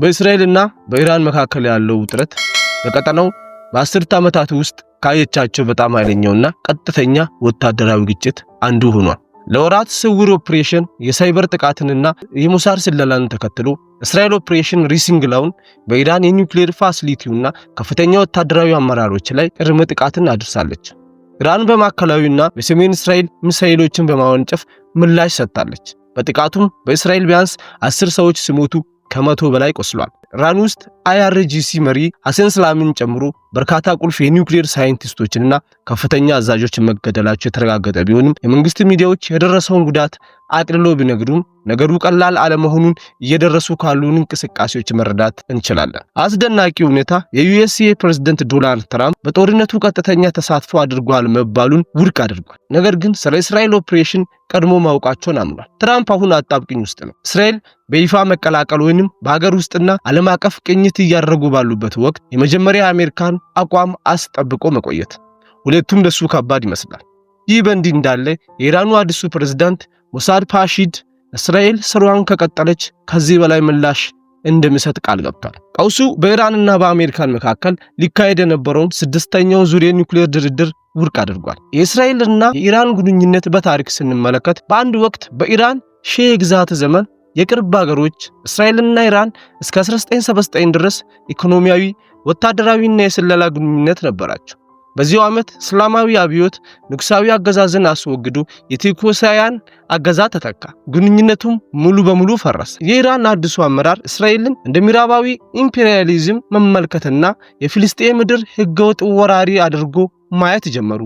በእስራኤልና በኢራን መካከል ያለው ውጥረት በቀጠናው በአስርተ ዓመታት ውስጥ ካየቻቸው በጣም ኃይለኛውና ቀጥተኛ ወታደራዊ ግጭት አንዱ ሆኗል። ለወራት ስውር ኦፕሬሽን የሳይበር ጥቃትንና የሞሳር ስለላን ተከትሎ እስራኤል ኦፕሬሽን ሪሲንግላውን በኢራን የኒውክሌር ፋሲሊቲውና ከፍተኛ ወታደራዊ አመራሮች ላይ ቅድመ ጥቃትን አድርሳለች። ኢራን በማዕከላዊና በሰሜን እስራኤል ሚሳኤሎችን በማወንጨፍ ምላሽ ሰጥታለች። በጥቃቱም በእስራኤል ቢያንስ አስር ሰዎች ሲሞቱ ከመቶ በላይ ቆስሏል። ራን ውስጥ አይአርጂሲ መሪ ሐሰን ስላሚን ጨምሮ በርካታ ቁልፍ የኒውክሌር ሳይንቲስቶችንና ከፍተኛ አዛዦች መገደላቸው የተረጋገጠ ቢሆንም የመንግስት ሚዲያዎች የደረሰውን ጉዳት አቅልሎ ቢነግዱም ነገሩ ቀላል አለመሆኑን እየደረሱ ካሉን እንቅስቃሴዎች መረዳት እንችላለን። አስደናቂ ሁኔታ የዩኤስኤ ፕሬዝደንት ዶናልድ ትራምፕ በጦርነቱ ቀጥተኛ ተሳትፎ አድርጓል መባሉን ውድቅ አድርጓል። ነገር ግን ስለ እስራኤል ኦፕሬሽን ቀድሞ ማውቃቸውን አምኗል። ትራምፕ አሁን አጣብቅኝ ውስጥ ነው። እስራኤል በይፋ መቀላቀል ወይንም በሀገር ውስጥና ዓለም ዓለም አቀፍ ቅኝት እያደረጉ ባሉበት ወቅት የመጀመሪያ አሜሪካን አቋም አስጠብቆ መቆየት ሁለቱም ለሱ ከባድ ይመስላል። ይህ በእንዲህ እንዳለ የኢራኑ አዲሱ ፕሬዝዳንት ሞሳድ ፓሺድ እስራኤል ስራዋን ከቀጠለች ከዚህ በላይ ምላሽ እንደሚሰጥ ቃል ገብቷል። ቀውሱ በኢራንና በአሜሪካን መካከል ሊካሄድ የነበረውን ስድስተኛው ዙር የኒውክሌር ድርድር ውድቅ አድርጓል። የእስራኤልና የኢራን ግንኙነት በታሪክ ስንመለከት በአንድ ወቅት በኢራን ሼህ ግዛት ዘመን የቅርብ ሀገሮች እስራኤልና ኢራን እስከ 1979 ድረስ ኢኮኖሚያዊ፣ ወታደራዊና የስለላ ግንኙነት ነበራቸው። በዚሁ ዓመት እስላማዊ አብዮት ንጉሳዊ አገዛዝን አስወግዶ የቴዎኮሳውያን አገዛዝ ተተካ። ግንኙነቱም ሙሉ በሙሉ ፈረሰ። የኢራን አዲሱ አመራር እስራኤልን እንደ ምዕራባዊ ኢምፔሪያሊዝም መመልከትና የፊልስጤን ምድር ህገወጥ ወራሪ አድርጎ ማየት ጀመሩ።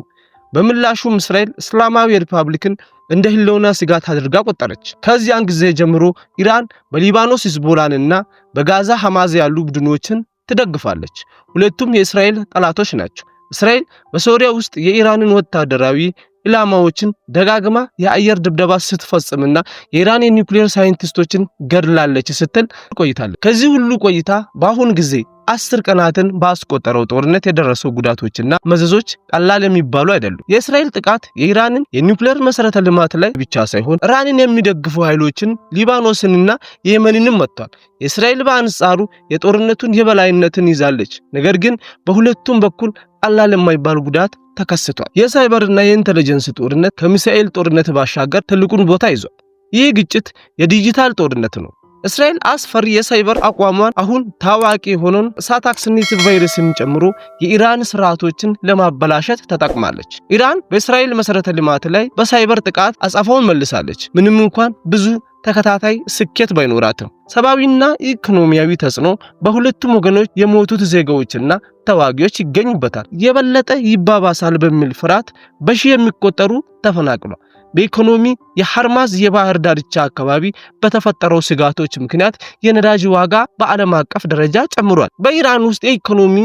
በምላሹም እስራኤል እስላማዊ ሪፐብሊክን እንደ ህልውና ስጋት አድርጋ ቆጠረች። ከዚያን ጊዜ ጀምሮ ኢራን በሊባኖስ ሂዝቦላንና በጋዛ ሐማዝ ያሉ ቡድኖችን ትደግፋለች። ሁለቱም የእስራኤል ጠላቶች ናቸው። እስራኤል በሶሪያ ውስጥ የኢራንን ወታደራዊ ኢላማዎችን ደጋግማ የአየር ድብደባ ስትፈጽምና የኢራን የኒውክሌር ሳይንቲስቶችን ገድላለች ስትል ቆይታለች። ከዚህ ሁሉ ቆይታ በአሁን ጊዜ አስር ቀናትን ባስቆጠረው ጦርነት የደረሰው ጉዳቶችና መዘዞች ቀላል የሚባሉ አይደሉም። የእስራኤል ጥቃት የኢራንን የኒውክሌር መሰረተ ልማት ላይ ብቻ ሳይሆን ኢራንን የሚደግፉ ኃይሎችን ሊባኖስንና የመንንም መጥቷል። የእስራኤል በአንጻሩ የጦርነቱን የበላይነትን ይዛለች። ነገር ግን በሁለቱም በኩል ቀላል የማይባል ጉዳት ተከስቷል። የሳይበርና የኢንተለጀንስ ጦርነት ከሚሳኤል ጦርነት ባሻገር ትልቁን ቦታ ይዟል። ይህ ግጭት የዲጂታል ጦርነት ነው። እስራኤል አስፈሪ የሳይበር አቋሟን አሁን ታዋቂ የሆነውን ሳታክስኒት ቫይረስን ጨምሮ የኢራን ስርዓቶችን ለማበላሸት ተጠቅማለች። ኢራን በእስራኤል መሰረተ ልማት ላይ በሳይበር ጥቃት አጸፋውን መልሳለች። ምንም እንኳን ብዙ ተከታታይ ስኬት ባይኖራትም ሰብአዊና ኢኮኖሚያዊ ተጽዕኖ በሁለቱም ወገኖች የሞቱት ዜጋዎችና ተዋጊዎች ይገኙበታል። የበለጠ ይባባሳል በሚል ፍርሃት በሺ የሚቆጠሩ ተፈናቅሏል። በኢኮኖሚ የሐርማዝ የባህር ዳርቻ አካባቢ በተፈጠረው ስጋቶች ምክንያት የነዳጅ ዋጋ በዓለም አቀፍ ደረጃ ጨምሯል። በኢራን ውስጥ የኢኮኖሚ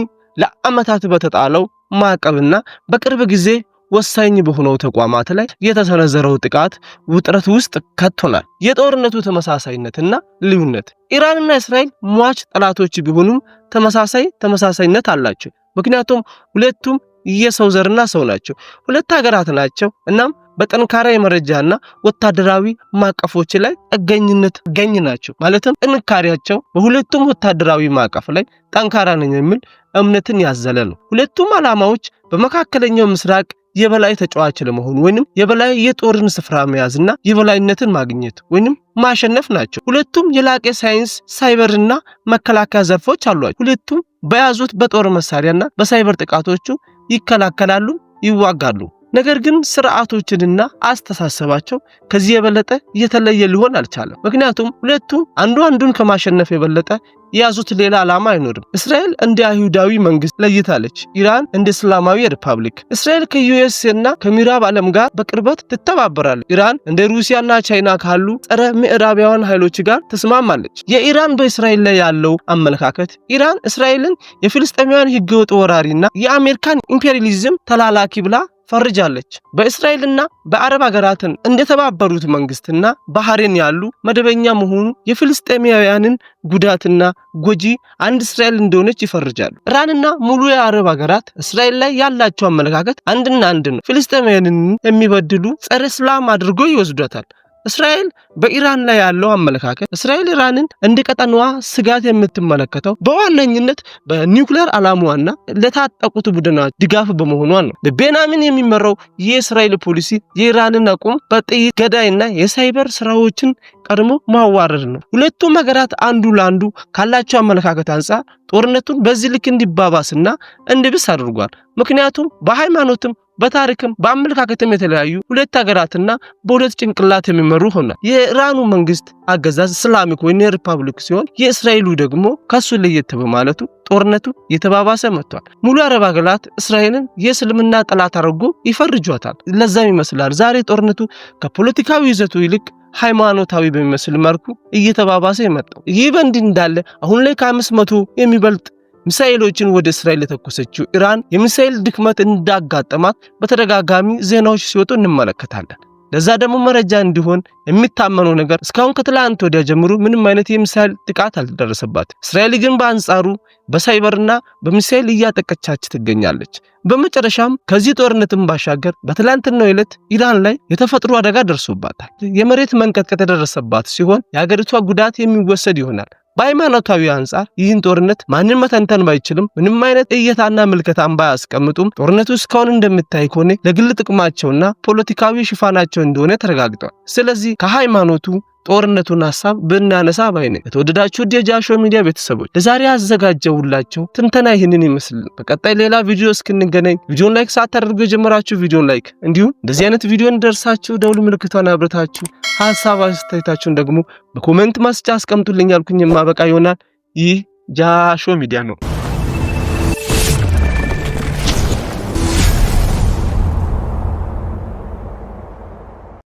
ለዓመታት በተጣለው ማዕቀብና በቅርብ ጊዜ ወሳኝ በሆነው ተቋማት ላይ የተሰነዘረው ጥቃት ውጥረት ውስጥ ከቶናል። የጦርነቱ ተመሳሳይነትና ልዩነት ኢራንና እስራኤል ሟች ጠላቶች ቢሆኑም ተመሳሳይ ተመሳሳይነት አላቸው። ምክንያቱም ሁለቱም የሰው ዘርና ሰው ናቸው። ሁለት ሀገራት ናቸው። እናም በጠንካራ የመረጃና ወታደራዊ ማዕቀፎች ላይ ጥገኝነት ገኝ ናቸው። ማለትም ጥንካሬያቸው በሁለቱም ወታደራዊ ማዕቀፍ ላይ ጠንካራ ነኝ የሚል እምነትን ያዘለ ነው። ሁለቱም ዓላማዎች በመካከለኛው ምስራቅ የበላይ ተጫዋች ለመሆን ወይንም የበላይ የጦርን ስፍራ መያዝና የበላይነትን ማግኘት ወይንም ማሸነፍ ናቸው። ሁለቱም የላቀ ሳይንስ፣ ሳይበርና መከላከያ ዘርፎች አሏቸው። ሁለቱም በያዙት በጦር መሳሪያና በሳይበር ጥቃቶቹ ይከላከላሉ፣ ይዋጋሉ። ነገር ግን ስርዓቶችንና አስተሳሰባቸው ከዚህ የበለጠ እየተለየ ሊሆን አልቻለም። ምክንያቱም ሁለቱ አንዱ አንዱን ከማሸነፍ የበለጠ የያዙት ሌላ ዓላማ አይኖርም። እስራኤል እንደ አይሁዳዊ መንግስት ለይታለች፣ ኢራን እንደ እስላማዊ ሪፐብሊክ። እስራኤል ከዩኤስ እና ከምዕራብ ዓለም ጋር በቅርበት ትተባበራለች። ኢራን እንደ ሩሲያና ቻይና ካሉ ጸረ ምዕራቢያውያን ኃይሎች ጋር ትስማማለች። የኢራን በእስራኤል ላይ ያለው አመለካከት ኢራን እስራኤልን የፍልስጤማውያን ህገወጥ ወራሪና የአሜሪካን ኢምፔሪያሊዝም ተላላኪ ብላ ፈርጃለች። በእስራኤልና በአረብ ሀገራትን እንደተባበሩት መንግስትና ባህሬን ያሉ መደበኛ መሆኑ የፍልስጤማውያንን ጉዳትና ጎጂ አንድ እስራኤል እንደሆነች ይፈርጃሉ። ኢራንና ሙሉ የአረብ ሀገራት እስራኤል ላይ ያላቸው አመለካከት አንድና አንድ ነው። ፍልስጤማውያንን የሚበድሉ ጸረ እስላም አድርጎ ይወስዷታል። እስራኤል በኢራን ላይ ያለው አመለካከት እስራኤል ኢራንን እንደ ቀጠናዋ ስጋት የምትመለከተው በዋነኝነት በኒውክሌር አላማዋና ለታጠቁት ቡድና ድጋፍ በመሆኗ ነው። በቤንያሚን የሚመራው የእስራኤል ፖሊሲ የኢራንን አቁም በጥይት ገዳይና የሳይበር ስራዎችን ቀድሞ ማዋረድ ነው። ሁለቱም ሀገራት አንዱ ለአንዱ ካላቸው አመለካከት አንጻር ጦርነቱን በዚህ ልክ እንዲባባስና እንዲብስ አድርጓል። ምክንያቱም በሃይማኖትም በታሪክም በአመለካከትም የተለያዩ ሁለት ሀገራትና በሁለት ጭንቅላት የሚመሩ ሆናል። የኢራኑ መንግስት አገዛዝ እስላሚክ ወይ ሪፐብሊክ ሲሆን የእስራኤሉ ደግሞ ከሱ ለየት በማለቱ ጦርነቱ የተባባሰ መጥቷል። ሙሉ አረብ ሀገራት እስራኤልን የእስልምና ጠላት አድርጎ ይፈርጇታል። ለዛም ይመስላል ዛሬ ጦርነቱ ከፖለቲካዊ ይዘቱ ይልቅ ሃይማኖታዊ በሚመስል መልኩ እየተባባሰ የመጣው። ይህ በእንዲህ እንዳለ አሁን ላይ ከአምስት መቶ የሚበልጥ ሚሳኤሎችን ወደ እስራኤል የተኮሰችው ኢራን የሚሳኤል ድክመት እንዳጋጠማት በተደጋጋሚ ዜናዎች ሲወጡ እንመለከታለን። ለዛ ደግሞ መረጃ እንዲሆን የሚታመነው ነገር እስካሁን ከትላንት ወዲያ ጀምሮ ምንም አይነት የሚሳኤል ጥቃት አልተደረሰባት። እስራኤል ግን በአንጻሩ በሳይበርና በሚሳኤል እያጠቀቻች ትገኛለች። በመጨረሻም ከዚህ ጦርነትም ባሻገር በትላንትናው ዕለት ኢራን ላይ የተፈጥሮ አደጋ ደርሶባታል። የመሬት መንቀጥቀጥ የደረሰባት ሲሆን የአገሪቷ ጉዳት የሚወሰድ ይሆናል። በሃይማኖታዊ አንጻር ይህን ጦርነት ማንም መተንተን ባይችልም ምንም አይነት እይታና ምልከታን ባያስቀምጡም ጦርነቱ እስካሁን እንደምታይ ከሆነ ለግል ጥቅማቸውና ፖለቲካዊ ሽፋናቸው እንደሆነ ተረጋግጧል። ስለዚህ ከሃይማኖቱ ጦርነቱን ሀሳብ ብናነሳ ባይ የተወደዳችሁ ጃሾ ሚዲያ ቤተሰቦች ለዛሬ አዘጋጀውላችሁ ትንተና ይህንን ይመስል በቀጣይ ሌላ ቪዲዮ እስክንገናኝ ቪዲዮን ላይክ ሳታደርጉ የጀመራችሁ ቪዲዮን ላይክ፣ እንዲሁም እንደዚህ አይነት ቪዲዮ እንደርሳችሁ ደውል ምልክቷን አብረታችሁ ሀሳብ አስተያየታችሁን ደግሞ በኮሜንት ማስጫ አስቀምጡልኝ ያልኩኝ የማበቃ ይሆናል። ይህ ጃሾ ሚዲያ ነው።